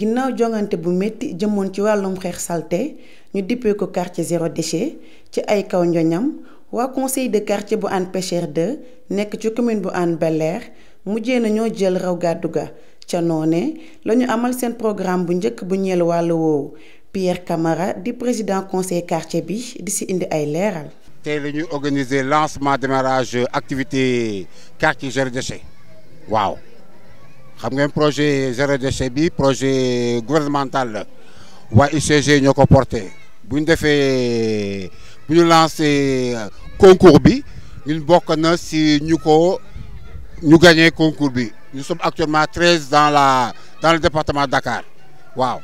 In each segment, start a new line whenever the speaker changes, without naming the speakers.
ginnaaw jongante bu metti jëmoon ci wàllum xeex salte ñu dippee ko quartier zéro déchet ci ay kaw njoñam waa conseil de quartier bu an Pêcheur 2 nekk ci commune bu an Bel-Air mujjee na ñoo jël raw gàddu ga ca noone la ñu amal seen programme bu njëkk bu ñeel wàll woowu Pierre Camara di président conseil quartier bi di si indi ay leeral.
tey la organiser lancement démarrage activité quartier zéro déchet waaw xam ngeen projet zéro déchet bi projet gouvernemental la waa UCG ñoo ko porté bu ñu defee bu ñu lancé concours bi ñun bokk na si ñu ko ñu gagné concours bi nous sommes actuellement treize dans la dans le département Dakar waaw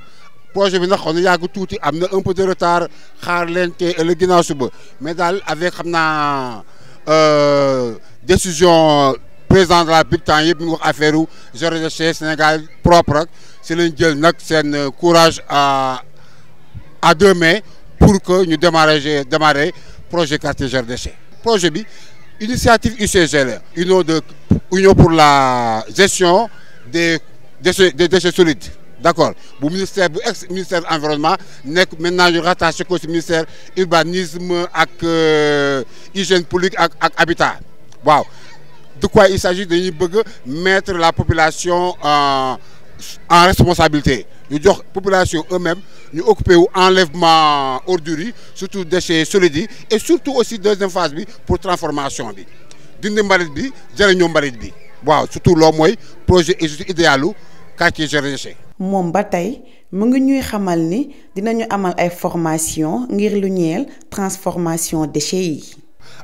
projet bi nag xaw na yàgg tuuti am na un peu de retard xaar leen te ëllëg ginnaaw suba mais daal avec xam naa euh, décision président de la République nous a fait ngi wax affaire u gérer Sénégal propre c'est si jël euh, courage à à pour que nous démarrer euh, démarrer projet quartier gérer déchets projet bi initiative UCGL, union union pour la gestion des déchets des déchets solides d'accord ministère de ex ministère environnement maintenant ñu rattaché ko au ministère urbanisme ak euh, hygiène publique et ak habitat de quoi il s'agit de mettre la population en en responsabilité ñu jox population eux-mêmes nous occupons wu enlèvement ordures surtout déchets solides et surtout aussi deuxième phase pour pour transformation bi dindi nous bi jëriñoo manière bi waaw surtout l'homme le projet idéal quartier il déchet
moom ba choses. mu ngi ñuy xamal ni dinañu formation ngir lu ñeel transformation déchets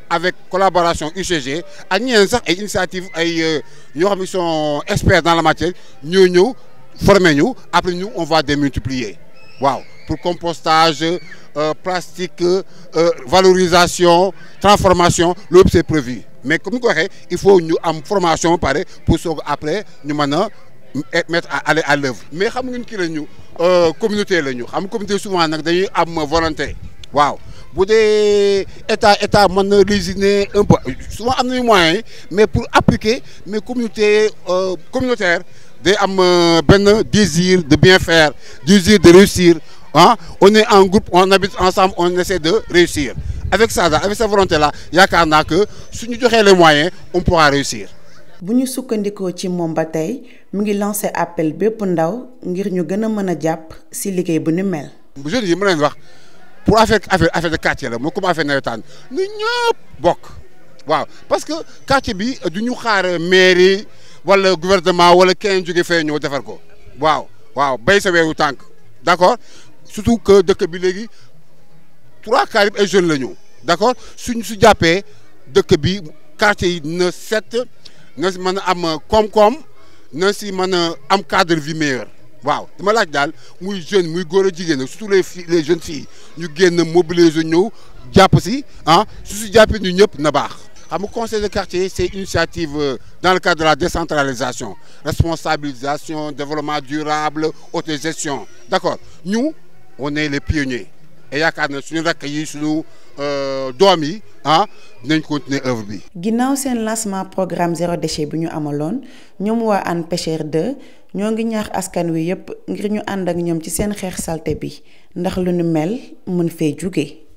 avec collaboration UCG ak ñeneen sax initiative ay ñoo euh, xam ne sont experts dans la matière Nous nous formons ñu après nous on va démultiplier waaw pour compostage euh, plastique euh, valorisation transformation loolu c'est prévu mais comme vous ko il faut ñu am formation pareil pour que après nous maintenant mettre à aller à l'œuvre mais xam nga une la ñu communauté la ñu une communauté souvent nous dañuy am volonté waaw bu dee état état man na un peu souvent a des moyens mais pour appliquer mes communautés euh, communautaires des am ben désir de bien faire désir de réussir hein. on est en groupe on habite ensemble on essaie de réussir avec ça avec cette volonté là il y a naa que si nous joxee les moyens on pourra réussir.
bu nous sukkandikoo ci mom batay tey ngi appel bépp ndaw ngir ñu gëna mëna japp ci si liggéey bu ni mel.
je yi ma wax. pour affaire affaire affaire de quartier la mooy comme affaire nawetaan
ñu ñëpp
bokk waaw parce que quartier bi euh, du ñu xaar mairie wala gouvernement wala kenn jóge fee ñëw defar ko waaw waaw béy sa weeru tànk d'accord surtout que dëkk bi léegi trois quarts yëpp ay jeunes la ñu d'accord suñ su jàppee dëkk bi quartier yi na set na si mën a am koom-koom na si mën a am cadre vie meilleur waaw dama laaj que muy jeune muy je surtout les jeunes filles ñu génn mobiliser ñëw si hein, ñu conseil de quartier c'est une initiative euh, dans le cadre de la décentralisation responsabilisation développement durable gestion. d'accord nous, on est les pionniers. yaakaar na suñu rakk yi suñu euh, doom yi ah dinañ continuer bi.
ginnaaw seen lancement programme zéro déchet bu ñu amaloon ñoom waa Hann Pêcheur 2 ñoo ngi ñaax askan wi yépp ngir ñu ànd ak ñoom ci seen xeex salte bi ndax lu nu mel mën fee jóge